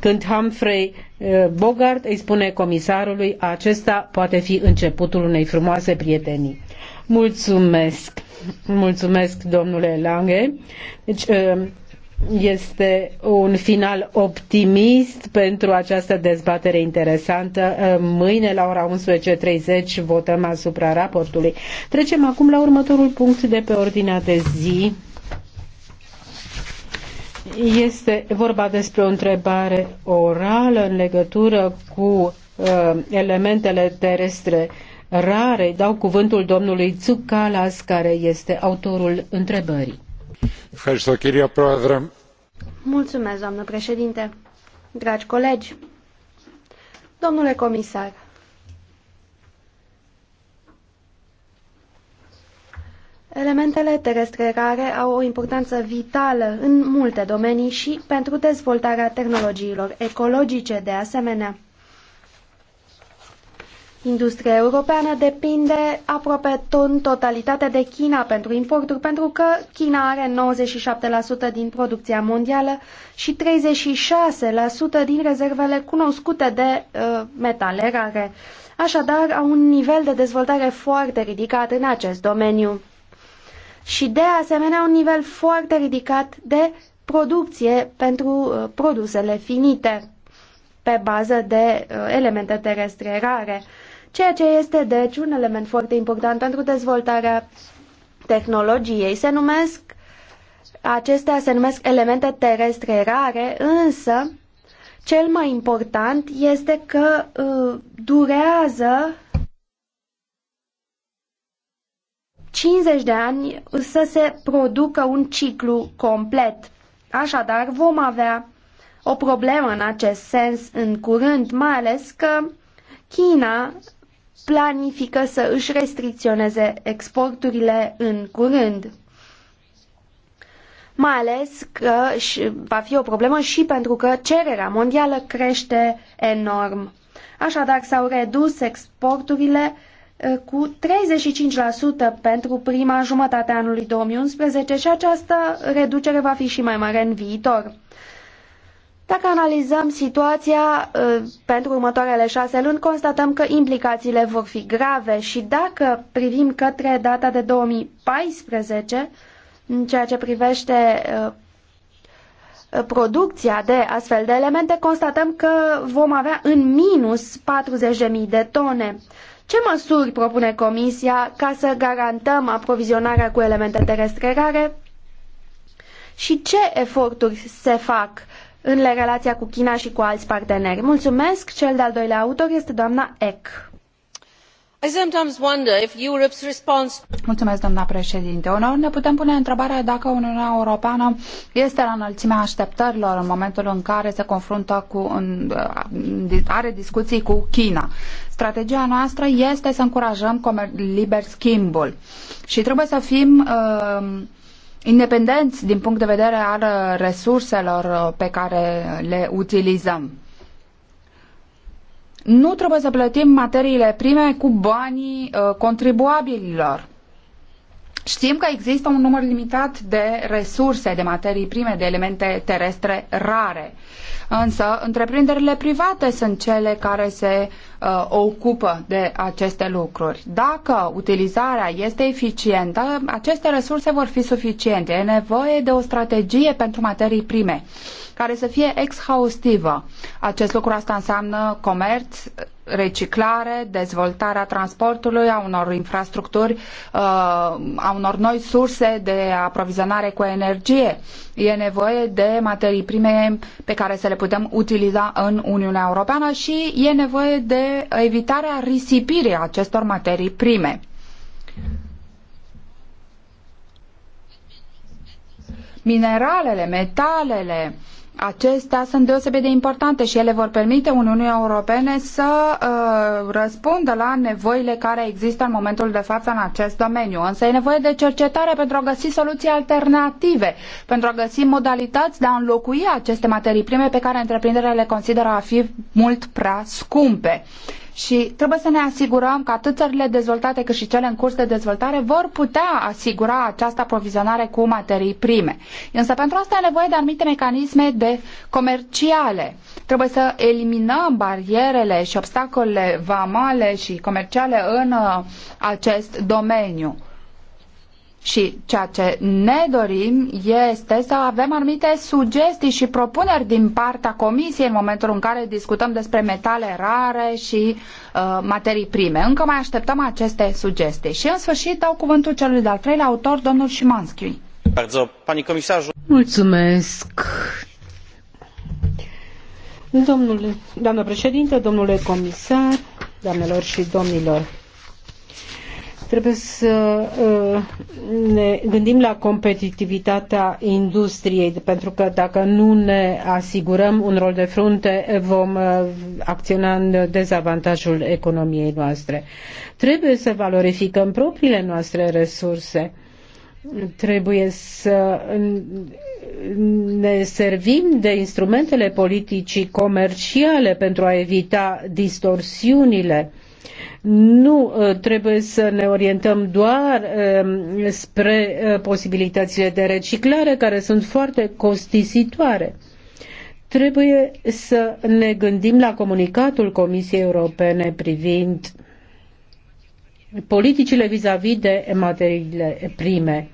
când Humphrey eh, Bogart îi spune comisarului, acesta poate fi începutul unei frumoase prietenii. Mulțumesc! Mulțumesc, domnule Lange. Deci, eh, este un final optimist pentru această dezbatere interesantă. Eh, mâine la ora 11.30 votăm asupra raportului. Trecem acum la următorul punct de pe ordinea de zi. Este vorba despre o întrebare orală în legătură cu uh, elementele terestre rare. Dau cuvântul domnului Tsukalas, care este autorul întrebării. Mulțumesc, doamnă președinte. Dragi colegi, domnule comisar, Elementele terestre rare au o importanță vitală în multe domenii și pentru dezvoltarea tehnologiilor ecologice de asemenea. Industria europeană depinde aproape în totalitate de China pentru importuri, pentru că China are 97% din producția mondială și 36% din rezervele cunoscute de uh, metale rare. Așadar, au un nivel de dezvoltare foarte ridicat în acest domeniu și de asemenea un nivel foarte ridicat de producție pentru uh, produsele finite pe bază de uh, elemente terestre rare, ceea ce este deci un element foarte important pentru dezvoltarea tehnologiei. Se numesc acestea se numesc elemente terestre rare, însă cel mai important este că uh, durează 50 de ani să se producă un ciclu complet. Așadar, vom avea o problemă în acest sens în curând, mai ales că China planifică să își restricționeze exporturile în curând. Mai ales că va fi o problemă și pentru că cererea mondială crește enorm. Așadar, s-au redus exporturile Eh, cu 35% pentru prima jumătate a anului 2011 și această reducere va fi și mai mare în viitor. Dacă analizăm situația eh, pentru următoarele șase luni, constatăm că implicațiile vor fi grave și dacă privim către data de 2014, în ceea ce privește eh, producția de astfel de elemente, constatăm că vom avea în minus 40.000 de tone. Ce măsuri propune Comisia ca să garantăm aprovizionarea cu elemente terestre rare? Și ce eforturi se fac în relația cu China și cu alți parteneri? Mulțumesc! Cel de-al doilea autor este doamna Eck doamnă președinte uneori ne putem pune întrebarea dacă uniunea europeană este la înălțimea așteptărilor în momentul în care se confruntă cu uh, are discuții cu china. strategia noastră este să încurajăm liber schimbul și trebuie să fim uh, independenți din punct de vedere al resurselor uh, pe care le utilizăm nu trebuie să plătim materiile prime cu banii uh, contribuabililor. Știm că există un număr limitat de resurse, de materii prime, de elemente terestre rare. Însă, întreprinderile private sunt cele care se uh, ocupă de aceste lucruri. Dacă utilizarea este eficientă, aceste resurse vor fi suficiente. E nevoie de o strategie pentru materii prime, care să fie exhaustivă. Acest lucru asta înseamnă comerț reciclare, dezvoltarea transportului, a unor infrastructuri, uh, a unor noi surse de aprovizionare cu energie. E nevoie de materii prime pe care să le putem utiliza în Uniunea Europeană și e nevoie de evitarea risipirii acestor materii prime. Mineralele, metalele, Acestea sunt deosebit de importante și ele vor permite Uniunii Europene să uh, răspundă la nevoile care există în momentul de față în acest domeniu. Însă e nevoie de cercetare pentru a găsi soluții alternative, pentru a găsi modalități de a înlocui aceste materii prime pe care întreprinderile le consideră a fi mult prea scumpe. Și trebuie să ne asigurăm că atât țările dezvoltate cât și cele în curs de dezvoltare vor putea asigura această aprovizionare cu materii prime. Însă pentru asta e nevoie de anumite mecanisme de comerciale. Trebuie să eliminăm barierele și obstacolele vamale și comerciale în uh, acest domeniu. Și ceea ce ne dorim este să avem anumite sugestii și propuneri din partea Comisiei în momentul în care discutăm despre metale rare și uh, materii prime. Încă mai așteptăm aceste sugestii. Și în sfârșit dau cuvântul celui de-al treilea autor, domnul Șimanski. Mulțumesc. Domnule, doamnă președinte, domnule comisar, doamnelor și domnilor, Trebuie să uh, ne gândim la competitivitatea industriei, pentru că dacă nu ne asigurăm un rol de frunte, vom uh, acționa în dezavantajul economiei noastre. Trebuie să valorificăm propriile noastre resurse. Trebuie să ne servim de instrumentele politicii comerciale pentru a evita distorsiunile nu uh, trebuie să ne orientăm doar um, spre uh, posibilitățile de reciclare, care sunt foarte costisitoare. Trebuie să ne gândim la comunicatul Comisiei Europene privind politicile vis-a-vis -vis de materiile prime.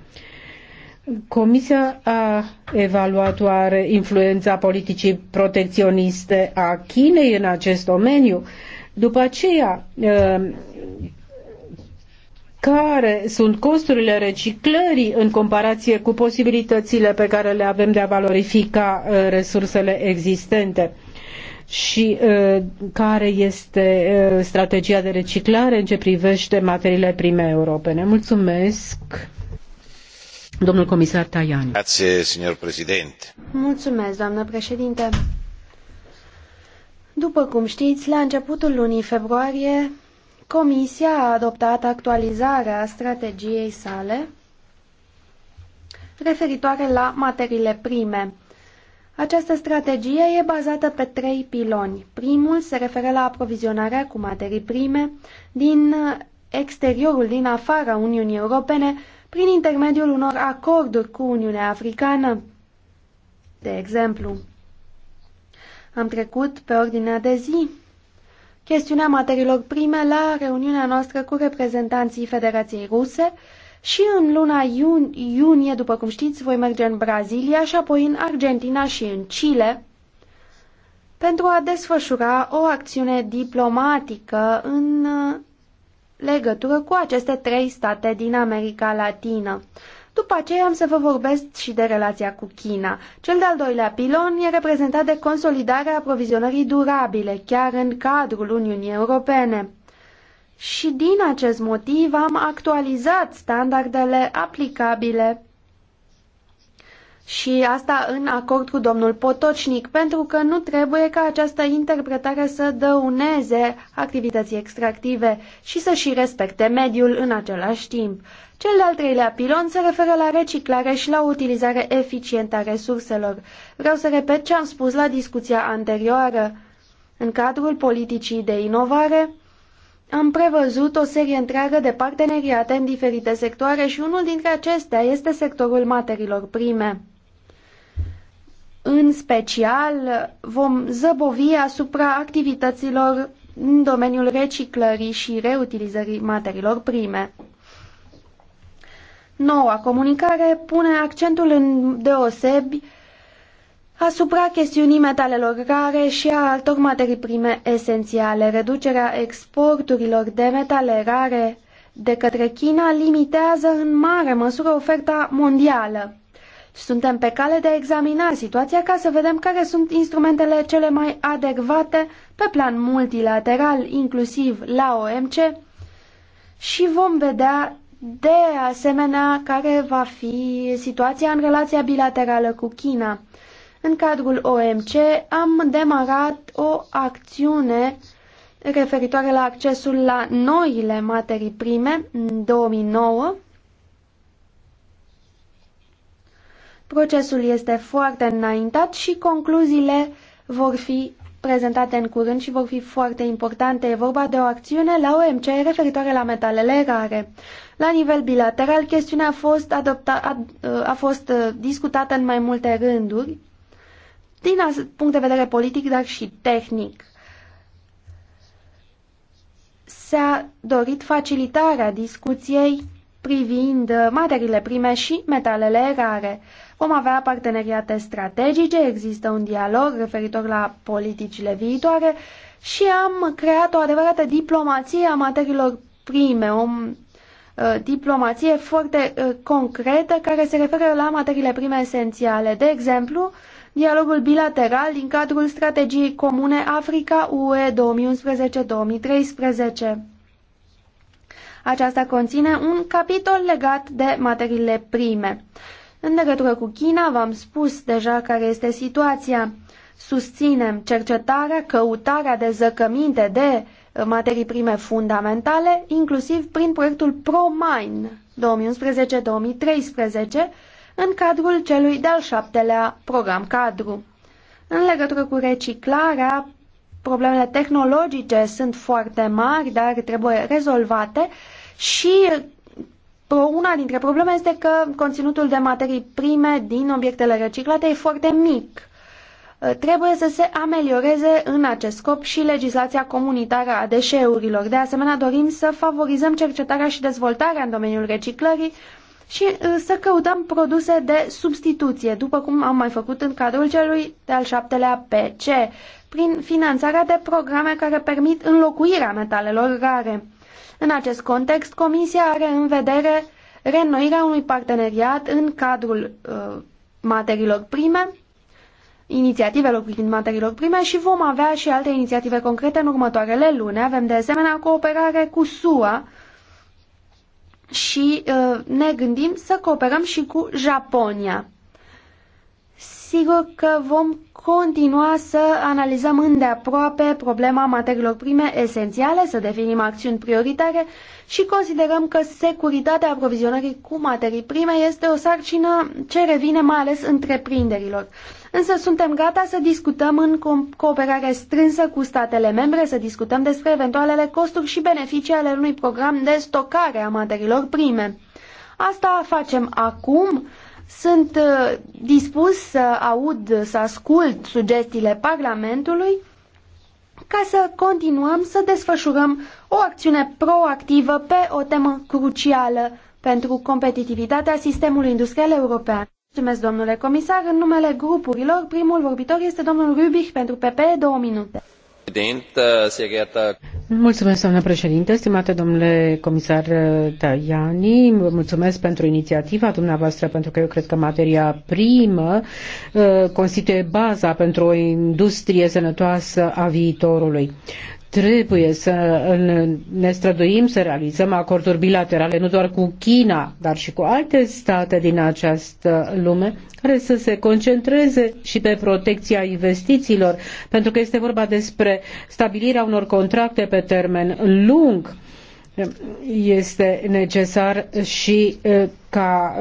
Comisia a evaluat oare influența politicii protecționiste a Chinei în acest domeniu. Uh, după aceea, uh, care sunt costurile reciclării în comparație cu posibilitățile pe care le avem de a valorifica uh, resursele existente și uh, care este strategia de reciclare în ce privește materiile prime europene. Mulțumesc! Domnul comisar Tajani. Grazie, signor președinte. Mulțumesc, doamnă președinte. După cum știți, la începutul lunii februarie, Comisia a adoptat actualizarea strategiei sale referitoare la materiile prime. Această strategie e bazată pe trei piloni. Primul se referă la aprovizionarea cu materii prime din exteriorul, din afara Uniunii Europene, prin intermediul unor acorduri cu Uniunea Africană, de exemplu. Am trecut pe ordinea de zi chestiunea materiilor prime la reuniunea noastră cu reprezentanții Federației Ruse și în luna iun- iunie, după cum știți, voi merge în Brazilia și apoi în Argentina și în Chile pentru a desfășura o acțiune diplomatică în uh, legătură cu aceste trei state din America Latină. După aceea am să vă vorbesc și de relația cu China. Cel de-al doilea pilon e reprezentat de consolidarea aprovizionării durabile, chiar în cadrul Uniunii Europene. Și din acest motiv am actualizat standardele aplicabile și asta în acord cu domnul Potocnic, pentru că nu trebuie ca această interpretare să dăuneze activității extractive și să și respecte mediul în același timp. Cel de-al treilea pilon se referă la reciclare și la utilizare eficientă a resurselor. Vreau să repet ce am spus la discuția anterioară. În cadrul politicii de inovare, am prevăzut o serie întreagă de parteneriate în diferite sectoare și unul dintre acestea este sectorul materiilor prime. În special, vom zăbovi asupra activităților în domeniul reciclării și reutilizării materiilor prime. Noua comunicare pune accentul în deosebi asupra chestiunii metalelor rare și a altor materii prime esențiale. Reducerea exporturilor de metale rare de către China limitează în mare măsură oferta mondială. Suntem pe cale de a examina situația ca să vedem care sunt instrumentele cele mai adecvate pe plan multilateral, inclusiv la OMC, și vom vedea de asemenea, care va fi situația în relația bilaterală cu China? În cadrul OMC am demarat o acțiune referitoare la accesul la noile materii prime în 2009. Procesul este foarte înaintat și concluziile vor fi prezentate în curând și vor fi foarte importante. E vorba de o acțiune la OMC referitoare la metalele rare. La nivel bilateral, chestiunea a fost, adopta, a, a fost uh, discutată în mai multe rânduri, din punct de vedere politic, dar și tehnic. S-a dorit facilitarea discuției privind uh, materiile prime și metalele rare. Vom avea parteneriate strategice, există un dialog referitor la politicile viitoare și am creat o adevărată diplomație a materiilor prime, o Uh, diplomație foarte uh, concretă care se referă la materiile prime esențiale. De exemplu, dialogul bilateral din cadrul strategiei comune Africa-UE 2011-2013. Aceasta conține un capitol legat de materiile prime. În legătură cu China, v-am spus deja care este situația. Susținem cercetarea, căutarea de zăcăminte, de materii prime fundamentale, inclusiv prin proiectul ProMine 2011-2013, în cadrul celui de-al șaptelea program cadru. În legătură cu reciclarea, problemele tehnologice sunt foarte mari, dar trebuie rezolvate și una dintre probleme este că conținutul de materii prime din obiectele reciclate e foarte mic Uh, trebuie să se amelioreze în acest scop și legislația comunitară a deșeurilor. De asemenea, dorim să favorizăm cercetarea și dezvoltarea în domeniul reciclării și uh, să căutăm produse de substituție, după cum am mai făcut în cadrul celui de-al șaptelea PC, prin finanțarea de programe care permit înlocuirea metalelor rare. În acest context, Comisia are în vedere renoirea unui parteneriat în cadrul uh, materiilor prime inițiativelor privind materiilor prime și vom avea și alte inițiative concrete în următoarele luni. Avem de asemenea cooperare cu SUA și uh, ne gândim să cooperăm și cu Japonia. Sigur că vom continua să analizăm îndeaproape problema materiilor prime esențiale, să definim acțiuni prioritare și considerăm că securitatea aprovizionării cu materii prime este o sarcină ce revine mai ales întreprinderilor însă suntem gata să discutăm în cooperare strânsă cu statele membre, să discutăm despre eventualele costuri și beneficii ale unui program de stocare a materiilor prime. Asta facem acum. Sunt uh, dispus să aud, să ascult sugestiile Parlamentului ca să continuăm să desfășurăm o acțiune proactivă pe o temă crucială pentru competitivitatea sistemului industrial european. Mulțumesc, domnule comisar. În numele grupurilor, primul vorbitor este domnul Rubich pentru PP, două minute. Mulțumesc, doamnă președinte, stimate domnule comisar uh, Tajani, mulțumesc pentru inițiativa dumneavoastră, pentru că eu cred că materia primă uh, constituie baza pentru o industrie sănătoasă a viitorului Trebuie să ne străduim să realizăm acorduri bilaterale nu doar cu China, dar și cu alte state din această lume, care să se concentreze și pe protecția investițiilor, pentru că este vorba despre stabilirea unor contracte pe termen lung este necesar și ca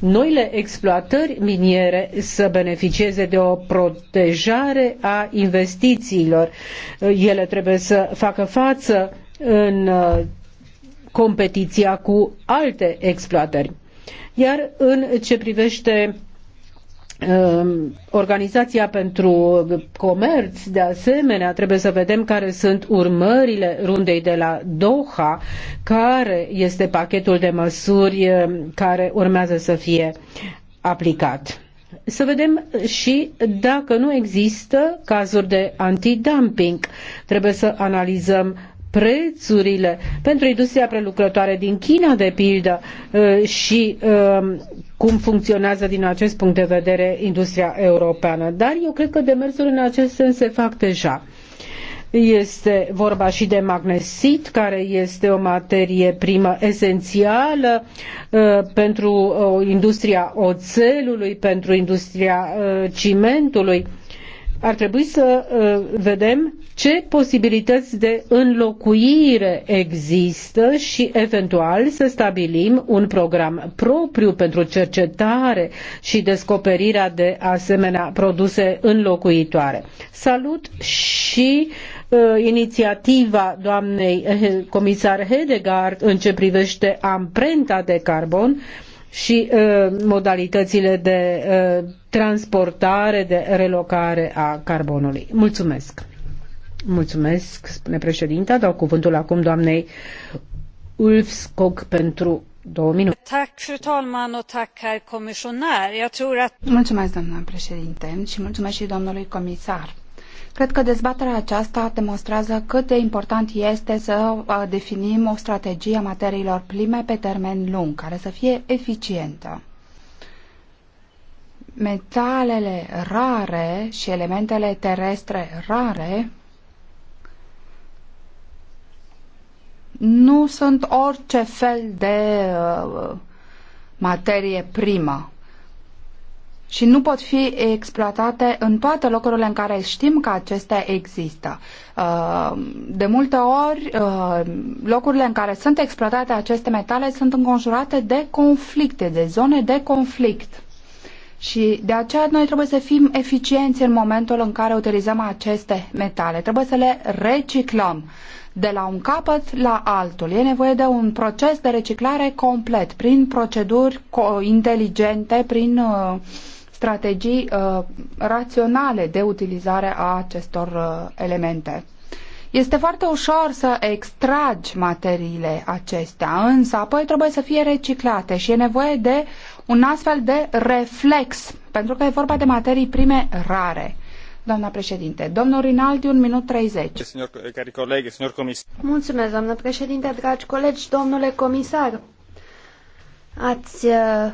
noile exploatări miniere să beneficieze de o protejare a investițiilor. Ele trebuie să facă față în competiția cu alte exploatări. Iar în ce privește Ehm, Organizația pentru Comerț, de asemenea, trebuie să vedem care sunt urmările rundei de la Doha, care este pachetul de măsuri ehm, care urmează să fie aplicat. Să vedem și dacă nu există cazuri de antidumping. Trebuie să analizăm prețurile pentru industria prelucrătoare din China, de pildă, uh, și um, cum funcționează din acest punct de vedere industria europeană. Dar eu cred că demersuri în acest sens se fac deja. Este vorba și de magnesit, care este o materie primă esențială uh, pentru uh, industria oțelului, pentru industria uh, cimentului ar trebui să uh, vedem ce posibilități de înlocuire există și eventual să stabilim un program propriu pentru cercetare și descoperirea de asemenea produse înlocuitoare. Salut și uh, inițiativa doamnei eh, comisar Hedegaard în ce privește amprenta de carbon și uh, modalitățile de uh, transportare, de relocare a carbonului. Mulțumesc! Mulțumesc, spune președinta. Dau cuvântul acum doamnei Ulfskog pentru două minute. Mulțumesc, doamna președinte, și mulțumesc și domnului comisar. Cred că dezbaterea aceasta demonstrează cât de important este să uh, definim o strategie a materiilor prime pe termen lung, care să fie eficientă. Metalele rare și elementele terestre rare nu sunt orice fel de uh, materie primă și nu pot fi exploatate în toate locurile în care știm că acestea există. Uh, de multe ori, uh, locurile în care sunt exploatate aceste metale sunt înconjurate de conflicte, de zone de conflict. Și de aceea noi trebuie să fim eficienți în momentul în care utilizăm aceste metale. Trebuie să le reciclăm de la un capăt la altul. E nevoie de un proces de reciclare complet, prin proceduri inteligente, prin uh, strategii uh, raționale de utilizare a acestor uh, elemente. Este foarte ușor să extragi materiile acestea, însă apoi trebuie să fie reciclate și e nevoie de un astfel de reflex, pentru că e vorba de materii prime rare. Doamna președinte, domnul Rinaldi, un minut 30. Eh, Mulțumesc, doamnă președinte, dragi colegi, domnule comisar. Ați eh,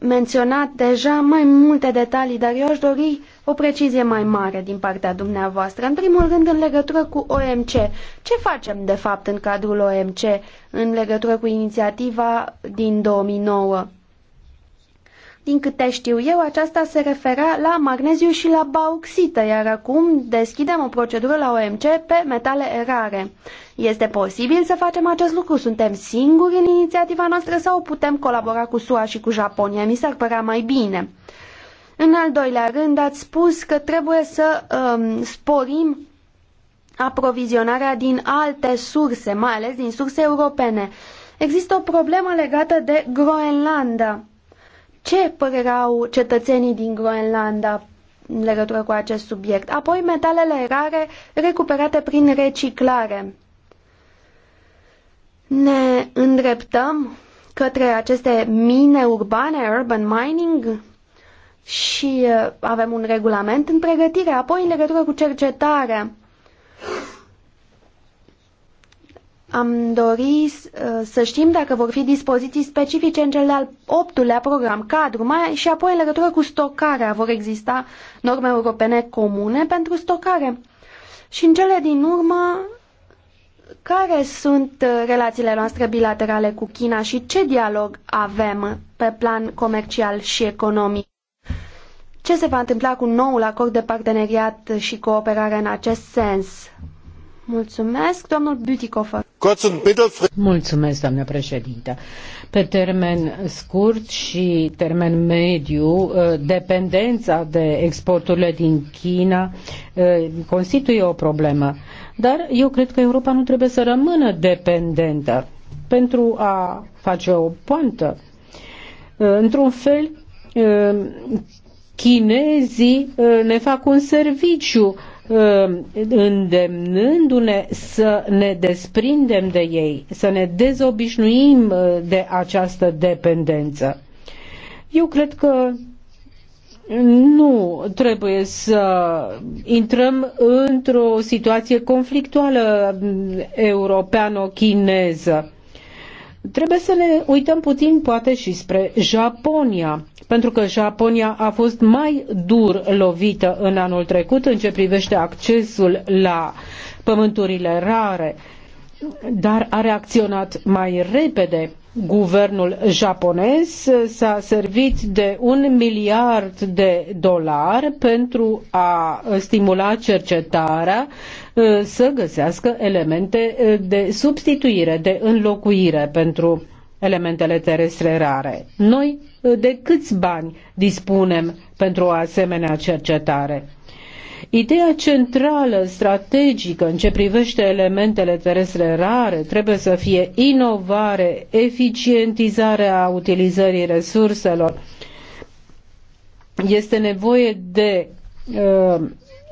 menționat deja mai multe detalii, dar eu aș dori o precizie mai mare din partea dumneavoastră. În primul rând, în legătură cu OMC, ce facem de fapt în cadrul OMC în legătură cu inițiativa din 2009? Din câte știu eu, aceasta se refera la magneziu și la bauxită, iar acum deschidem o procedură la OMC pe metale rare. Este posibil să facem acest lucru? Suntem singuri în inițiativa noastră sau putem colabora cu SUA și cu Japonia? Mi s-ar părea mai bine. În al doilea rând, ați spus că trebuie să um, sporim aprovizionarea din alte surse, mai ales din surse europene. Există o problemă legată de Groenlanda. Ce părere au cetățenii din Groenlanda în legătură cu acest subiect? Apoi metalele rare recuperate prin reciclare ne îndreptăm către aceste mine urbane, urban mining, și uh, avem un regulament în pregătire, apoi în legătură cu cercetarea. Am dorit uh, să știm dacă vor fi dispoziții specifice în cel de-al optulea program cadru mai și apoi în legătură cu stocarea vor exista norme europene comune pentru stocare. Și în cele din urmă care sunt uh, relațiile noastre bilaterale cu China și ce dialog avem pe plan comercial și economic? Ce se va întâmpla cu noul acord de parteneriat și cooperare în acest sens? Mulțumesc, domnul Butikofer. Mulțumesc, doamnă președintă. Pe termen scurt și termen mediu, uh, dependența de exporturile din China uh, constituie o problemă. Dar eu cred că Europa nu trebuie să rămână dependentă pentru a face o poantă. Uh, într-un fel, uh, chinezii uh, ne fac un serviciu îndemnându-ne să ne desprindem de ei, să ne dezobișnuim de această dependență. Eu cred că nu trebuie să intrăm într-o situație conflictuală europeano-chineză. Trebuie să ne uităm puțin poate și spre Japonia, pentru că Japonia a fost mai dur lovită în anul trecut în ce privește accesul la pământurile rare, dar a reacționat mai repede Guvernul japonez s-a servit de un miliard de dolari pentru a stimula cercetarea uh, să găsească elemente uh, de substituire, de înlocuire pentru elementele terestre rare. Noi uh, de câți bani dispunem pentru o asemenea cercetare? Ideea centrală, strategică, în ce privește elementele terestre rare, trebuie să fie inovare, eficientizarea utilizării resurselor. Este nevoie de uh,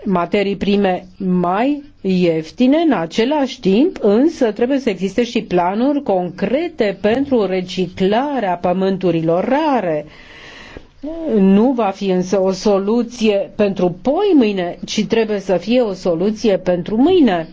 materii prime mai ieftine, în același timp însă trebuie să existe și planuri concrete pentru reciclarea pământurilor rare. Uh, nu va fi însă o soluție pentru poi mâine, ci trebuie să fie o soluție pentru mâine.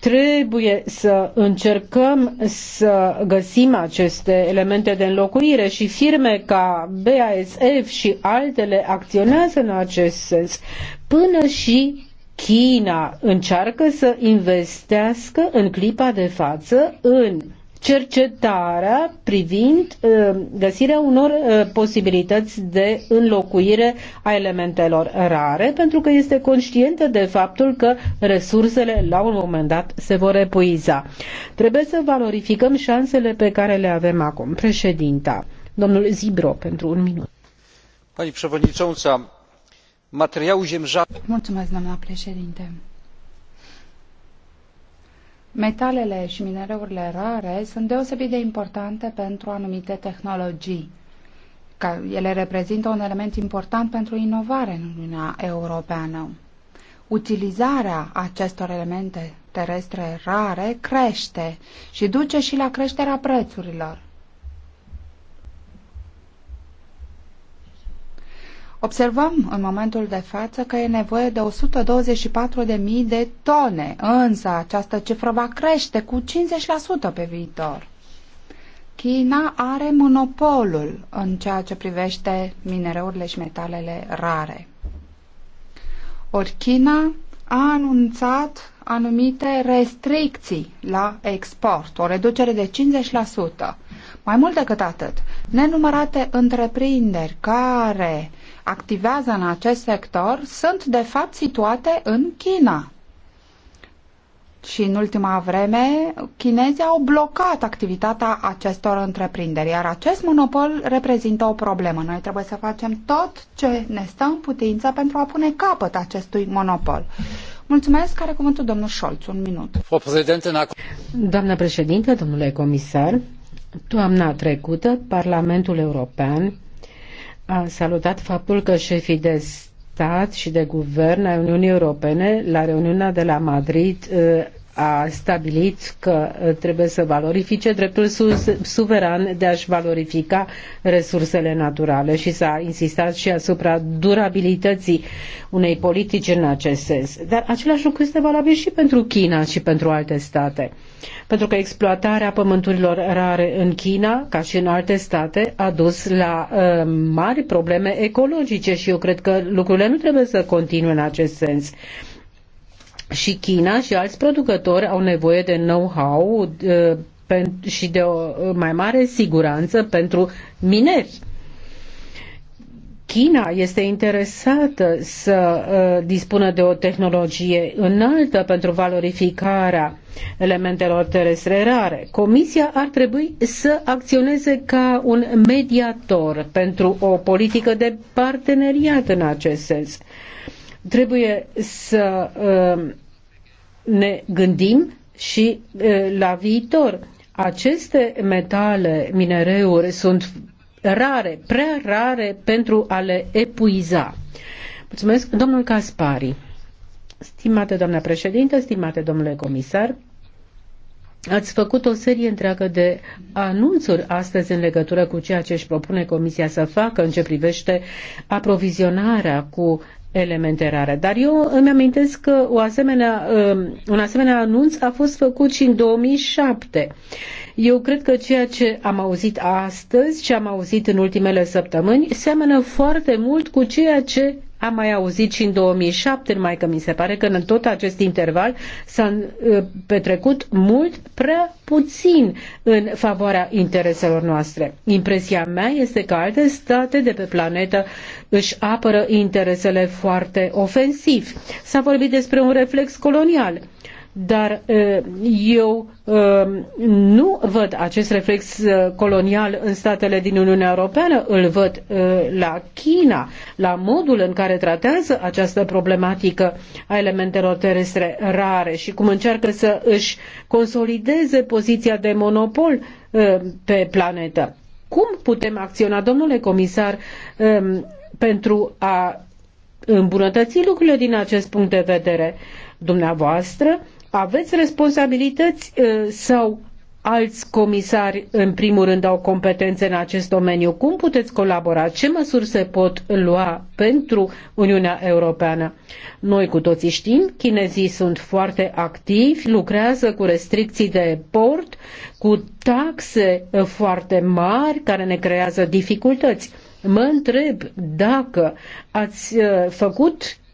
Trebuie să încercăm să găsim aceste elemente de înlocuire și firme ca BASF și altele acționează în acest sens. Până și China încearcă să investească în clipa de față în cercetarea privind ă, găsirea unor ă, posibilități de înlocuire a elementelor rare, pentru că este conștientă de faptul că resursele la un moment dat se vor epuiza. Trebuie să valorificăm șansele pe care le avem acum. Președinta, domnul Zibro, pentru un minut. Pani Mulțumesc, doamna președinte. Metalele și minereurile rare sunt deosebit de importante pentru anumite tehnologii. Că ele reprezintă un element important pentru inovare în Uniunea Europeană. Utilizarea acestor elemente terestre rare crește și duce și la creșterea prețurilor. Observăm în momentul de față că e nevoie de 124.000 de tone, însă această cifră va crește cu 50% pe viitor. China are monopolul în ceea ce privește minereurile și metalele rare. Ori China a anunțat anumite restricții la export, o reducere de 50%. Mai mult decât atât, nenumărate întreprinderi care activează în acest sector sunt de fapt situate în China. Și în ultima vreme, chinezii au blocat activitatea acestor întreprinderi, iar acest monopol reprezintă o problemă. Noi trebuie să facem tot ce ne stă în putință pentru a pune capăt acestui monopol. Mulțumesc, care cuvântul domnul Scholz, un minut. Doamna președinte, domnule comisar, toamna trecută, Parlamentul European a salutat faptul că șefii de stat și de guvern ai Uniunii Europene la reuniunea de la Madrid uh, a stabilit că uh, trebuie să valorifice dreptul suveran de a-și valorifica resursele naturale și s-a insistat și asupra durabilității unei politici în acest sens. Dar același lucru este valabil și pentru China și pentru alte state. Pentru că exploatarea pământurilor rare în China, ca și în alte state, a dus la uh, mari probleme ecologice și eu cred că lucrurile nu trebuie să continue în acest sens. Uh, și China și alți producători au nevoie de know-how și de o mai mare siguranță pentru mineri. China este interesată să uh, dispună de o tehnologie înaltă pentru valorificarea elementelor terestre rare. Comisia ar trebui să acționeze ca un mediator pentru o politică de parteneriat în acest sens. Trebuie să um, ne gândim și uh, la viitor. Aceste metale, minereuri sunt rare, prea rare pentru a le epuiza. Mulțumesc, domnul Caspari. Stimate doamna președintă, stimate domnule comisar, Ați făcut o serie întreagă de anunțuri astăzi în legătură cu ceea ce își propune Comisia să facă în ce privește aprovizionarea cu elemente rare. Dar eu îmi amintesc că o asemenea, um, un asemenea anunț a fost făcut și în 2007. Eu cred că ceea ce am auzit astăzi, ce am auzit în ultimele săptămâni, seamănă foarte mult cu ceea ce am mai auzit și în 2007, mai că mi se pare că în tot acest interval s-a uh, petrecut mult prea puțin în favoarea intereselor noastre. Impresia mea este că alte state de pe planetă își apără interesele foarte ofensiv. S-a vorbit despre un reflex colonial. Dar eu nu văd acest reflex colonial în statele din Uniunea Europeană, îl văd la China, la modul în care tratează această problematică a elementelor terestre rare și cum încearcă să își consolideze poziția de monopol pe planetă. Cum putem acționa, domnule comisar, pentru a îmbunătăți lucrurile din acest punct de vedere? Dumneavoastră aveți responsabilități uh, sau alți comisari, în primul rând, au competențe în acest domeniu? Cum puteți colabora? Ce măsuri se pot lua pentru Uniunea Europeană? Noi cu toții știm, chinezii sunt foarte activi, lucrează cu restricții de port, cu taxe uh, foarte mari care ne creează dificultăți. Mă întreb dacă ați uh, făcut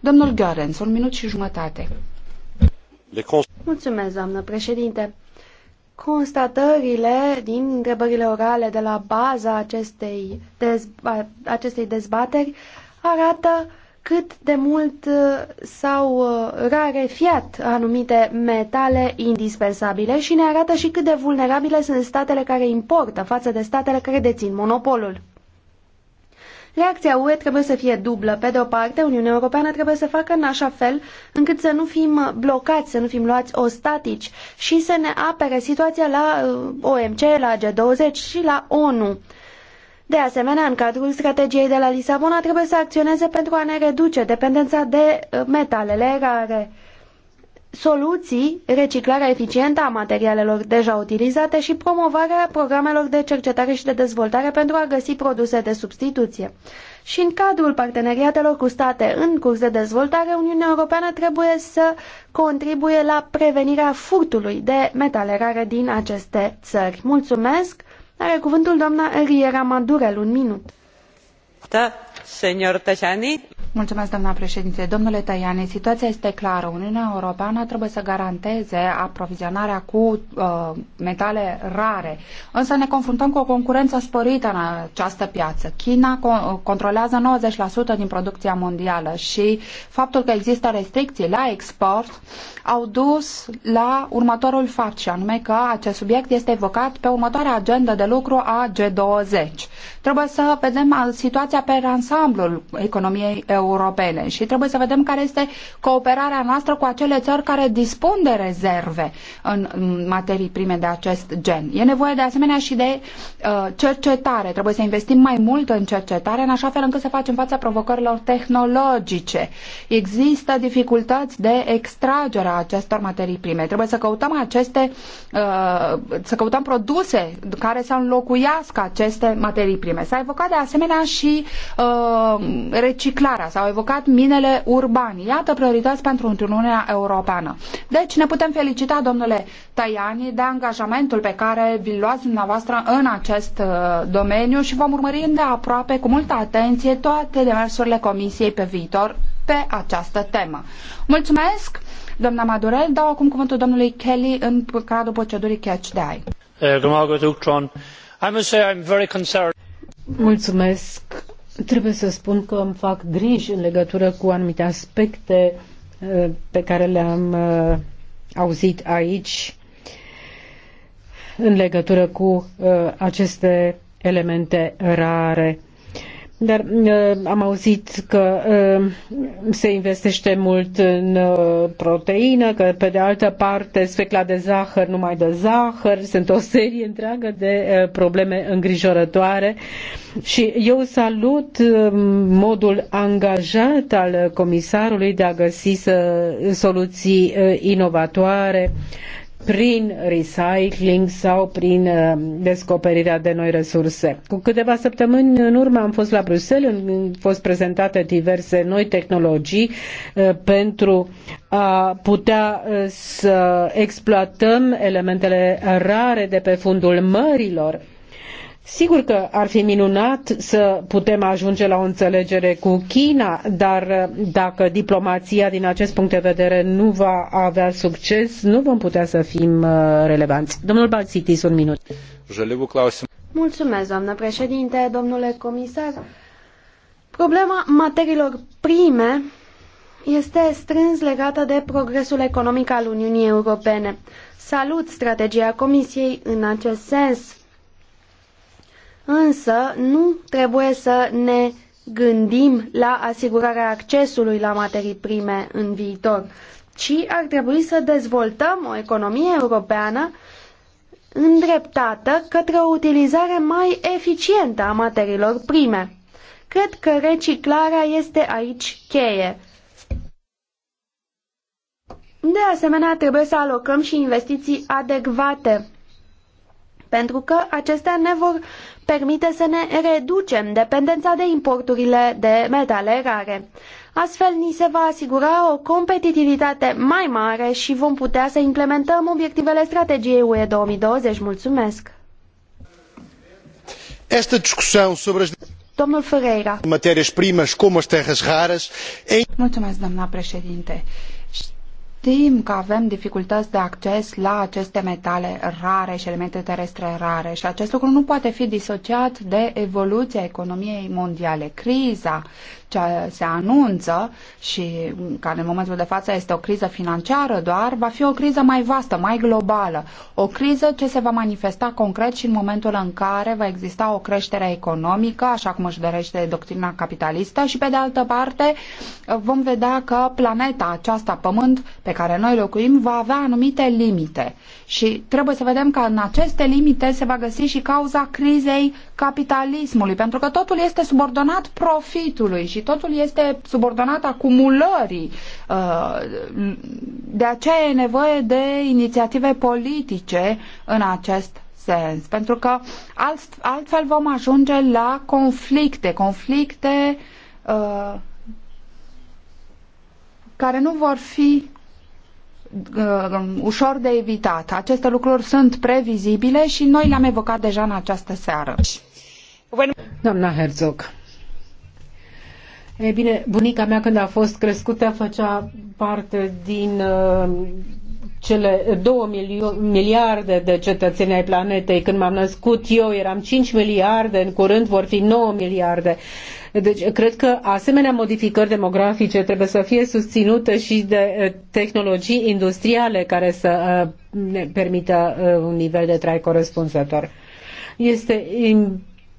Domnul Görens, un minut și jumătate. Mulțumesc, doamnă președinte. Constatările din întrebările orale de la baza acestei, dezba acestei dezbateri arată cât de mult uh, s-au uh, rarefiat anumite metale indispensabile și ne arată și cât de vulnerabile sunt statele care importă față de statele care dețin monopolul. Reacția UE trebuie să fie dublă. Pe de o parte, Uniunea Europeană trebuie să facă în așa fel încât să nu fim blocați, să nu fim luați ostatici și să ne apere situația la uh, OMC, la G20 și la ONU. De asemenea, în cadrul strategiei de la Lisabona trebuie să acționeze pentru a ne reduce dependența de uh, metalele rare soluții, reciclarea eficientă a materialelor deja utilizate și promovarea programelor de cercetare și de dezvoltare pentru a găsi produse de substituție. Și în cadrul parteneriatelor cu state în curs de dezvoltare, Uniunea Europeană trebuie să contribuie la prevenirea furtului de metale rare din aceste țări. Mulțumesc! Are cuvântul doamna Riera Madurel, un minut. Da, senior Tajani. Mulțumesc, doamna președinte. Domnule Tăiane, situația este clară. Uniunea Europeană trebuie să garanteze aprovizionarea cu uh, metale rare. Însă ne confruntăm cu o concurență sporită în această piață. China co- uh, controlează 90% din producția mondială și faptul că există restricții la export au dus la următorul fapt și anume că acest subiect este evocat pe următoarea agenda de lucru a G20. Trebuie să vedem uh, situația pe ansamblul economiei europene europene și trebuie să vedem care este cooperarea noastră cu acele țări care dispun de rezerve în materii prime de acest gen. E nevoie de asemenea și de uh, cercetare. Trebuie să investim mai mult în cercetare în așa fel încât să facem fața provocărilor tehnologice. Există dificultăți de extragere a acestor materii prime. Trebuie să căutăm aceste uh, să căutăm produse care să înlocuiască aceste materii prime. S-a evocat de asemenea și uh, reciclarea s-au evocat minele urbane. Iată priorități pentru Uniunea Europeană. Deci ne putem felicita, domnule Tajani, de angajamentul pe care vi-l luați dumneavoastră în acest uh, domeniu și vom urmări îndeaproape cu multă atenție toate demersurile Comisiei pe viitor pe această temă. Mulțumesc, doamna Madurel. Dau acum cuvântul domnului Kelly în cadrul procedurii Catch the Eye. Eh, Mulțumesc. Trebuie să spun că îmi fac griji în legătură cu anumite aspecte uh, pe care le-am uh, auzit aici în legătură cu uh, aceste elemente rare dar uh, am auzit că uh, se investește mult în uh, proteină, că pe de altă parte specla de zahăr nu mai dă zahăr, sunt o serie întreagă de probleme îngrijorătoare și eu salut modul angajat al comisarului de a găsi soluții inovatoare prin recycling sau prin uh, descoperirea de noi resurse. Cu câteva săptămâni în urmă am fost la Bruxelles, au fost prezentate diverse noi tehnologii uh, pentru a putea uh, să exploatăm elementele rare de pe fundul mărilor Sigur că ar fi minunat să putem ajunge la o înțelegere cu China, dar uh, dacă diplomația din acest punct de vedere nu va avea succes, nu vom putea să fim uh, relevanți. Domnul Balsitis, un minut. Mulțumesc, doamnă președinte, domnule comisar. Problema materiilor prime este strâns legată de progresul economic al Uniunii Europene. Salut strategia Comisiei în acest sens însă nu trebuie să ne gândim la asigurarea accesului la materii prime în viitor, ci ar trebui să dezvoltăm o economie europeană îndreptată către o utilizare mai eficientă a materiilor prime. Cred că reciclarea este aici cheie. De asemenea, trebuie să alocăm și investiții adecvate pentru că acestea ne vor permite să ne reducem dependența de importurile de metale rare. Astfel, ni se va asigura o competitivitate mai mare și vom putea să implementăm obiectivele strategiei UE 2020. Mulțumesc! Esta discussão sobre as Domnul Ferreira. matérias primas como as terras raras. Mulțumesc, doamna președinte. Știm că avem dificultăți de acces la aceste metale rare și elemente terestre rare și acest lucru nu poate fi disociat de evoluția economiei mondiale. Criza ce se anunță și care în momentul de față este o criză financiară doar, va fi o criză mai vastă, mai globală. O criză ce se va manifesta concret și în momentul în care va exista o creștere economică, așa cum își dorește doctrina capitalistă și pe de altă parte vom vedea că planeta aceasta, Pământ, pe care noi locuim, va avea anumite limite. Și trebuie să vedem că în aceste limite se va găsi și cauza crizei capitalismului, pentru că totul este subordonat profitului și și totul este subordonat acumulării. Uh, de aceea e nevoie de inițiative politice în acest sens, pentru că alt, altfel vom ajunge la conflicte, conflicte uh, care nu vor fi uh, ușor de evitat. Aceste lucruri sunt previzibile și noi le-am evocat deja în această seară. Doamna Herzog, E bine, bunica mea când a fost crescută făcea parte din uh, cele 2 miliarde de cetățeni ai planetei. Când m-am născut eu eram 5 miliarde, în curând vor fi 9 miliarde. Deci cred că asemenea modificări demografice trebuie să fie susținute și de uh, tehnologii industriale care să uh, ne permită uh, un nivel de trai corespunzător. Este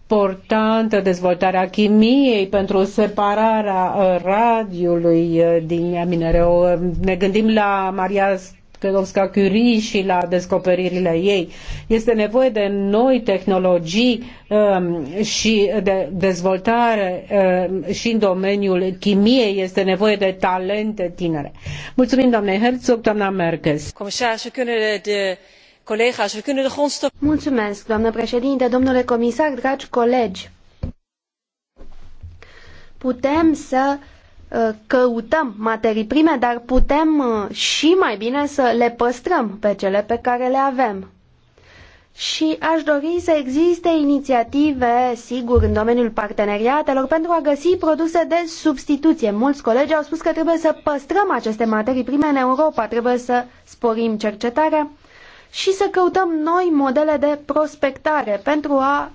importantă dezvoltarea chimiei pentru separarea uh, radiului uh, din minereu. Ne gândim la Maria Skłodowska Curie și la descoperirile ei. Este nevoie de noi tehnologii um, și de dezvoltare um, și în domeniul chimiei este nevoie de talente tinere. Mulțumim doamne Herzog, doamna Merkes. Comisar, Collega's, we kunnen de grondstof... Mulțumesc, doamnă președinte, domnule comisar, dragi colegi. Putem să uh, căutăm materii prime, dar putem uh, și mai bine să le păstrăm pe cele pe care le avem. Și aș dori să existe inițiative, sigur, în domeniul parteneriatelor pentru a găsi produse de substituție. Mulți colegi au spus că trebuie să păstrăm aceste materii prime în Europa, trebuie să sporim cercetarea și să căutăm noi modele de prospectare pentru a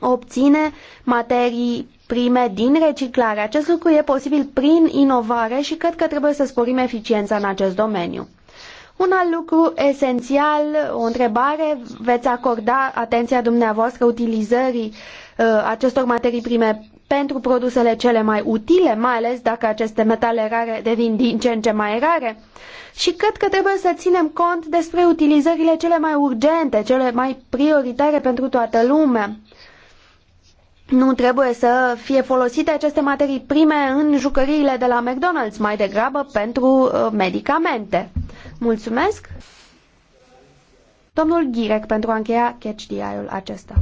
obține materii prime din reciclare. Acest lucru e posibil prin inovare și cred că trebuie să sporim eficiența în acest domeniu. Un alt lucru esențial, o întrebare, veți acorda atenția dumneavoastră utilizării uh, acestor materii prime pentru produsele cele mai utile, mai ales dacă aceste metale rare devin din ce în ce mai rare. Uh, și cred că trebuie să ținem cont despre utilizările cele mai urgente, cele mai prioritare pentru toată lumea. Nu trebuie să fie folosite aceste materii prime în jucăriile de la McDonald's, mai degrabă pentru uh, medicamente. Mulțumesc! Domnul Ghirec pentru a încheia catch ul acesta.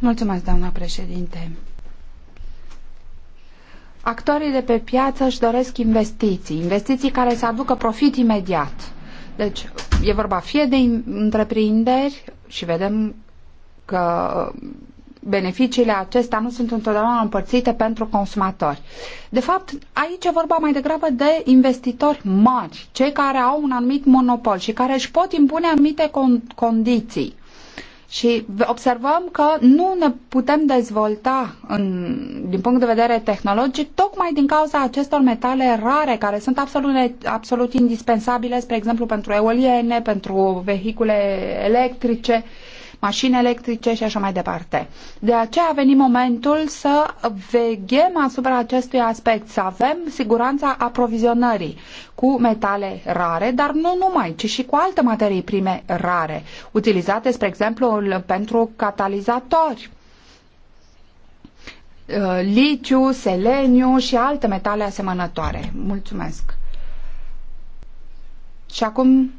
Mulțumesc, doamna președinte. Actorii de pe piață își doresc investiții, investiții care să aducă profit imediat. Deci e vorba fie de întreprinderi și vedem că uh, beneficiile acestea nu sunt întotdeauna împărțite pentru consumatori. De fapt, aici e vorba mai degrabă de investitori mari, cei care au un anumit monopol și care își pot impune anumite con- condiții. Și observăm că nu ne putem dezvolta în, din punct de vedere tehnologic tocmai din cauza acestor metale rare care sunt absolut, absolut indispensabile, spre exemplu, pentru eoliene, pentru vehicule electrice. Uh, mașini electrice și așa mai departe. De aceea a venit momentul să veghem asupra acestui aspect, să avem siguranța aprovizionării cu metale rare, dar nu numai, ci și cu alte materii prime rare, utilizate, spre exemplu, pentru catalizatori uh, liciu, seleniu și alte metale asemănătoare. Mulțumesc! Și acum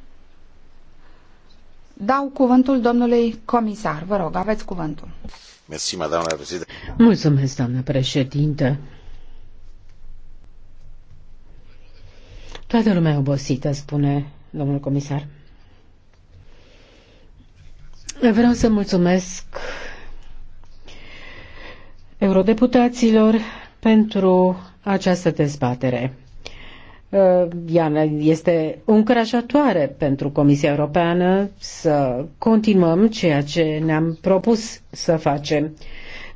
Dau cuvântul domnului comisar. Vă rog, aveți cuvântul. Mersi, doamna președinte. Mulțumesc, doamnă președinte. Toată lumea e obosită, spune domnul comisar. Vreau să mulțumesc eurodeputaților pentru această dezbatere. Uh, Iana este încurajatoare pentru Comisia Europeană să continuăm ceea ce ne-am propus să facem.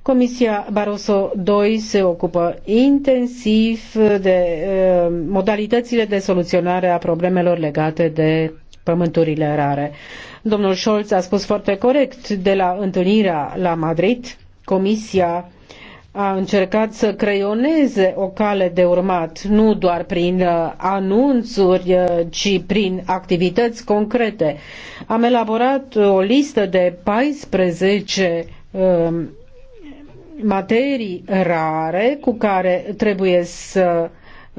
Comisia Barroso II se ocupă intensiv de uh, modalitățile de soluționare a problemelor legate de pământurile rare. Domnul Scholz a spus foarte corect de la întâlnirea la Madrid, Comisia a încercat să creioneze o cale de urmat, nu doar prin uh, anunțuri, uh, ci prin activități concrete. Am elaborat o listă de 14 um, materii rare cu care trebuie să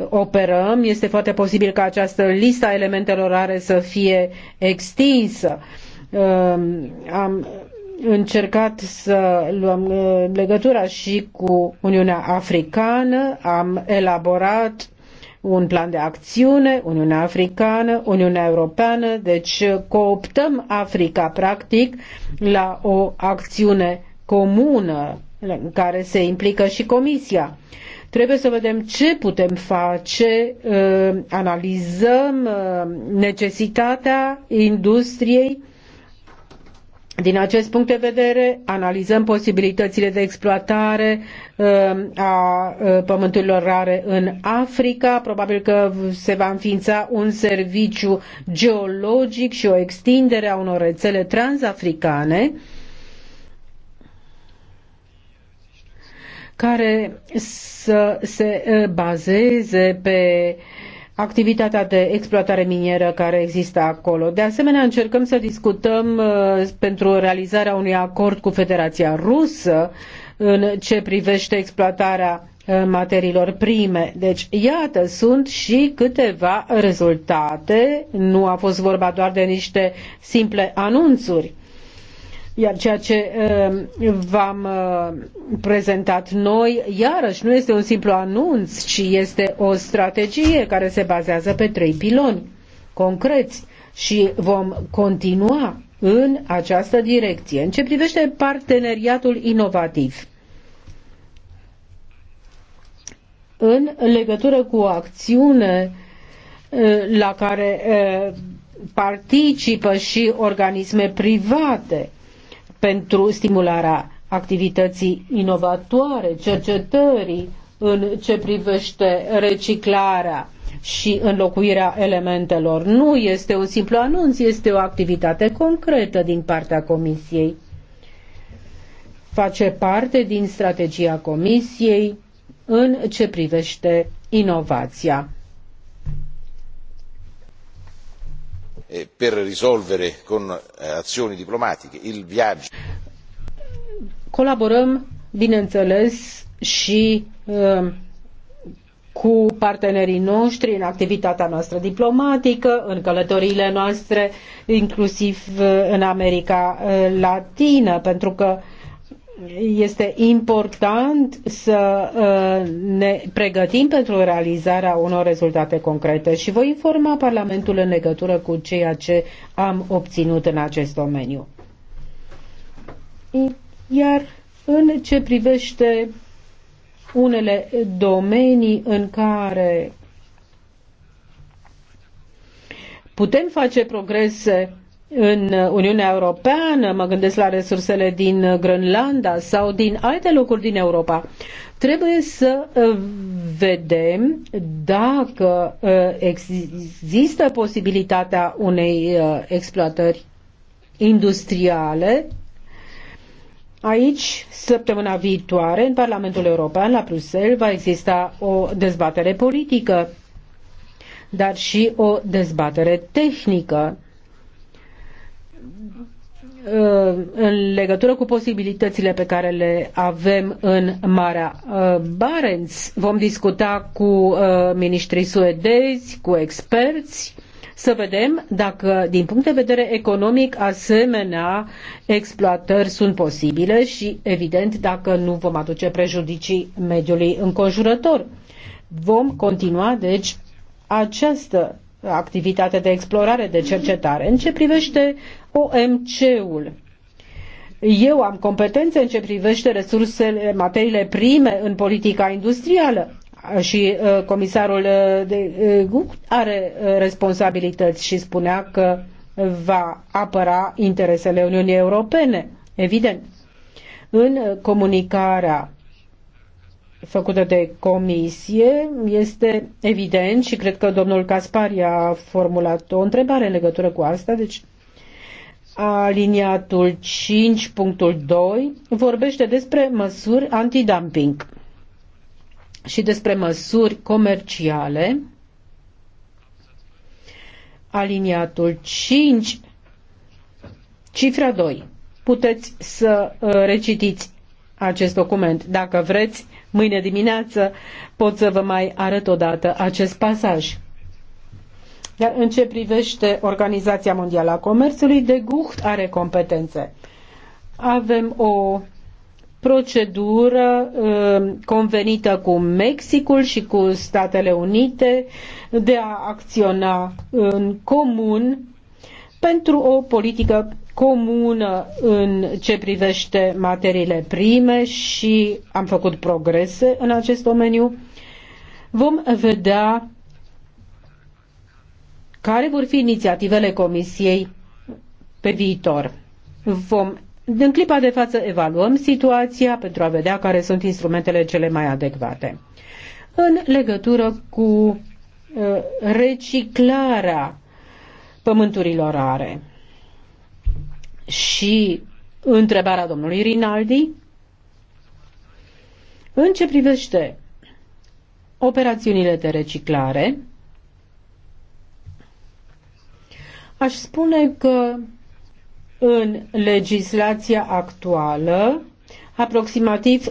operăm. Este foarte posibil ca această lista elementelor rare să fie extinsă. Um, am încercat să luăm uh, legătura și cu Uniunea Africană, am elaborat un plan de acțiune, Uniunea Africană, Uniunea Europeană, deci cooptăm Africa practic la o acțiune comună în care se implică și Comisia. Trebuie să vedem ce putem face, uh, analizăm uh, necesitatea industriei din acest punct de vedere, analizăm posibilitățile de exploatare um, a uh, pământurilor rare în Africa. Probabil că se va înființa un serviciu geologic și o extindere a unor rețele transafricane care să se uh, bazeze pe uh, activitatea de exploatare minieră care există acolo. De asemenea, încercăm să discutăm uh, pentru realizarea unui acord cu Federația Rusă în ce privește exploatarea uh, materiilor prime. Deci, iată, sunt și câteva rezultate. Nu a fost vorba doar de niște simple anunțuri. Iar ceea ce ehm, v-am ehm, prezentat noi, iarăși, nu este un simplu anunț, ci este o strategie care se bazează pe trei piloni concreți și vom continua în această direcție. În ce privește parteneriatul inovativ, în legătură cu o acțiune la care participă și organisme private, pentru stimularea activității inovatoare, cercetării în ce privește reciclarea și înlocuirea elementelor. Nu este un simplu anunț, este o activitate concretă din partea Comisiei. Face parte din strategia Comisiei în ce privește inovația. Eh, per risolvere con eh, azioni diplomatiche il viaggio. Colaborăm, bineînțeles, și uh, cu partenerii noștri în activitatea noastră diplomatică, în călătoriile noastre, inclusiv eh, în America Latină, pentru că este important să uh, ne pregătim pentru realizarea unor rezultate concrete și voi informa Parlamentul în legătură cu ceea ce am obținut în acest domeniu. Iar în ce privește unele domenii în care putem face progrese în Uniunea Europeană, mă gândesc la resursele din Grönlanda sau din alte locuri din Europa. Trebuie să uh, vedem dacă uh, există posibilitatea unei uh, exploatări industriale. Aici, săptămâna viitoare, în Parlamentul European, la Bruxelles, va exista o dezbatere politică, dar și o dezbatere tehnică Uh, în legătură cu posibilitățile pe care le avem în Marea uh, Barents. Vom discuta cu uh, ministrii suedezi, cu experți, să vedem dacă, din punct de vedere economic, asemenea exploatări sunt posibile și, evident, dacă nu vom aduce prejudicii mediului înconjurător. Vom continua, deci, această activitate de explorare, de cercetare. În ce privește OMC-ul, eu am competențe în ce privește resursele, materiile prime în politica industrială și uh, comisarul uh, de uh, are uh, responsabilități și spunea că va apăra interesele Uniunii Europene, evident. În comunicarea făcută de comisie este evident și cred că domnul Caspari a formulat o întrebare în legătură cu asta, deci aliniatul 5.2 vorbește despre măsuri antidumping și despre măsuri comerciale. Aliniatul 5, cifra 2. Puteți să uh, recitiți acest document. Dacă vreți, mâine dimineață pot să vă mai arăt odată acest pasaj. Iar în ce privește Organizația Mondială a Comerțului, de Gucht are competențe. Avem o procedură um, convenită cu Mexicul și cu Statele Unite de a acționa în comun pentru o politică comună în ce privește materiile prime și am făcut progrese în acest domeniu. Vom vedea care vor fi inițiativele Comisiei pe viitor. Vom, în clipa de față evaluăm situația pentru a vedea care sunt instrumentele cele mai adecvate. În legătură cu uh, reciclarea pământurilor are și întrebarea domnului Rinaldi în ce privește operațiunile de reciclare, aș spune că în legislația actuală Aproximativ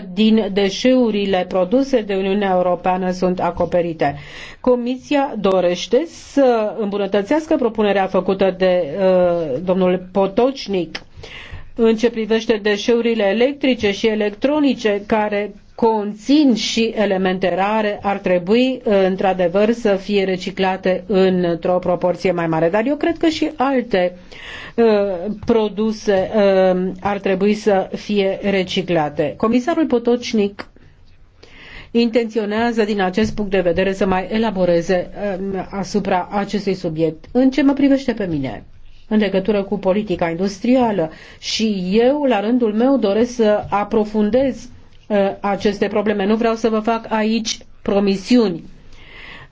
40% din deșeurile produse de Uniunea Europeană sunt acoperite. Comisia dorește să îmbunătățească propunerea făcută de uh, domnul Potocnic în ce privește deșeurile electrice și electronice care conțin și elemente rare ar trebui uh, într-adevăr să fie reciclate într-o proporție mai mare. Dar eu cred că și alte uh, produse uh, ar trebui să fie reciclate. Comisarul Potocnic intenționează din acest punct de vedere să mai elaboreze um, asupra acestui subiect. În ce mă privește pe mine? în legătură cu politica industrială și eu, la rândul meu, doresc să aprofundez uh, Uh, aceste probleme. Nu vreau să vă fac aici promisiuni.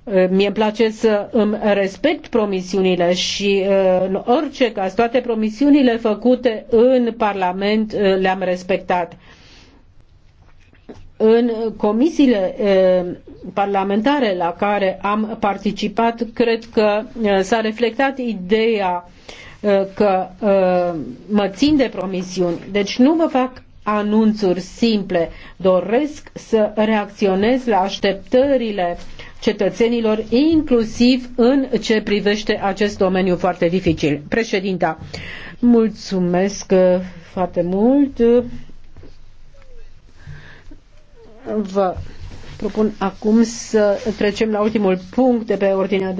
Uh, mie îmi place să îmi respect promisiunile și uh, în orice caz toate promisiunile făcute în Parlament le-am respectat. În comisiile parlamentare la care am participat, cred că s-a reflectat ideea că mă țin de promisiuni. Deci nu vă fac anunțuri simple. Doresc să reacționez la așteptările cetățenilor, inclusiv în ce privește acest domeniu foarte dificil. Președinta, mulțumesc uh, foarte mult. Vă propun acum să trecem la ultimul punct de pe ordinea de